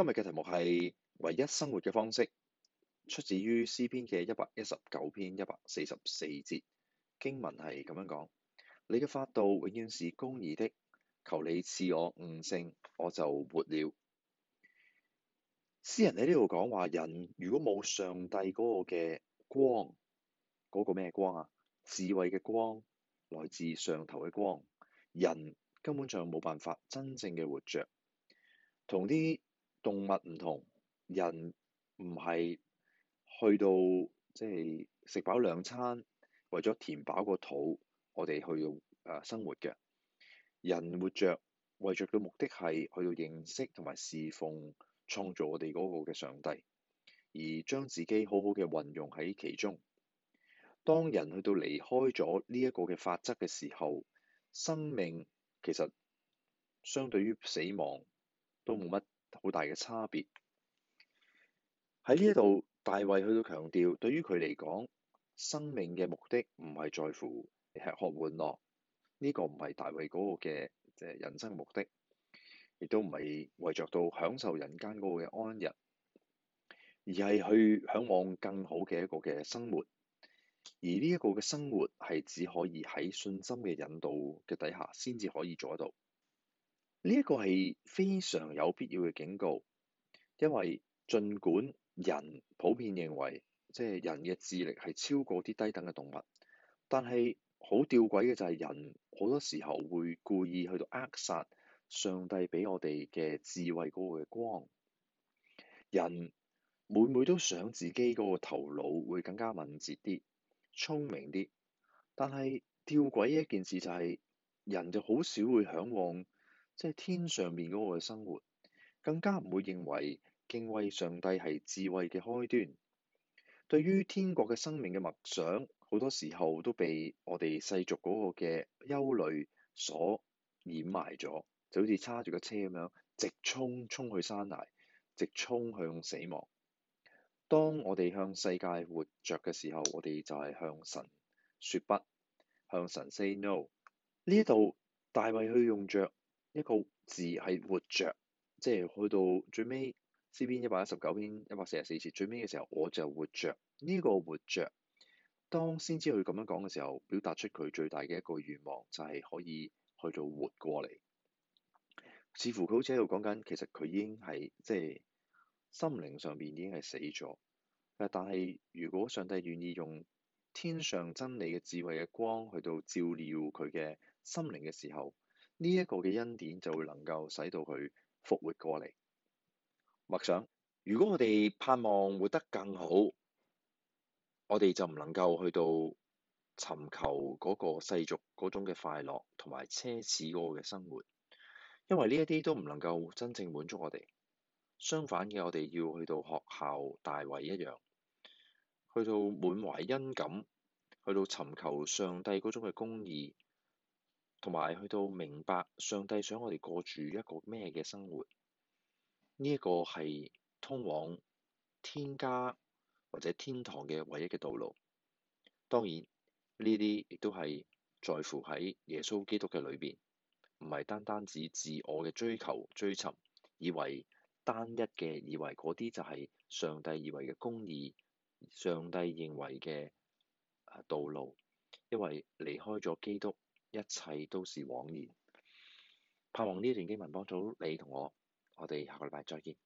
今日嘅題目係唯一生活嘅方式，出自於詩篇嘅一百一十九篇一百四十四節。經文係咁樣講：你嘅法度永遠是公義的，求你賜我悟性，我就活了。詩人喺呢度講話，人如果冇上帝嗰個嘅光，嗰個咩光啊？智慧嘅光來自上頭嘅光，人根本就冇辦法真正嘅活着，同啲動物唔同，人唔係去到即係食飽兩餐，為咗填飽個肚，我哋去到誒生活嘅。人活着為着嘅目的係去到認識同埋侍奉創造我哋嗰個嘅上帝，而將自己好好嘅運用喺其中。當人去到離開咗呢一個嘅法則嘅時候，生命其實相對於死亡都冇乜。好大嘅差別。喺呢一度，大衛去到強調，對於佢嚟講，生命嘅目的唔係在乎吃喝玩樂，呢個唔係大衛嗰個嘅即係人生目的，亦都唔係為着到享受人間嗰個嘅安逸，而係去嚮往更好嘅一個嘅生活。而呢一個嘅生活係只可以喺信心嘅引導嘅底下，先至可以做得到。呢一個係非常有必要嘅警告，因為儘管人普遍認為即係、就是、人嘅智力係超過啲低等嘅動物，但係好吊詭嘅就係人好多時候會故意去到扼殺上帝畀我哋嘅智慧嗰個嘅光。人每每都想自己嗰個頭腦會更加敏捷啲、聰明啲，但係吊詭嘅一件事就係人就好少會嚮往。即係天上面嗰個嘅生活，更加唔會認為敬畏上帝係智慧嘅開端。對於天國嘅生命嘅默想，好多時候都被我哋世俗嗰個嘅憂慮所掩埋咗，就好似叉住個車咁樣，直衝衝去山崖，直衝向死亡。當我哋向世界活着嘅時候，我哋就係向神説不，向神 say no。呢度大衛去用着。一個字係活着，即係去到最尾，詩篇一百一十九篇一百四十四節最尾嘅時候，我就活着。呢、這個活着，當先知佢咁樣講嘅時候，表達出佢最大嘅一個願望，就係、是、可以去到活過嚟。似乎佢好似喺度講緊，其實佢已經係即係心靈上邊已經係死咗。但係如果上帝願意用天上真理嘅智慧嘅光去到照料佢嘅心靈嘅時候，呢一個嘅恩典就會能夠使到佢復活過嚟。默想，如果我哋盼望活得更好，我哋就唔能夠去到尋求嗰個世俗嗰種嘅快樂同埋奢侈嗰個嘅生活，因為呢一啲都唔能夠真正滿足我哋。相反嘅，我哋要去到學效大衛一樣，去到滿懷恩感，去到尋求上帝嗰種嘅公義。同埋去到明白上帝想我哋過住一個咩嘅生活，呢一個係通往天家或者天堂嘅唯一嘅道路。當然呢啲亦都係在乎喺耶穌基督嘅裏邊，唔係單單指自我嘅追求追尋，以為單一嘅以為嗰啲就係上帝以為嘅公義，上帝認為嘅道路，因為離開咗基督。一切都是枉然，盼望呢段經文幫助你同我，我哋下個禮拜再見。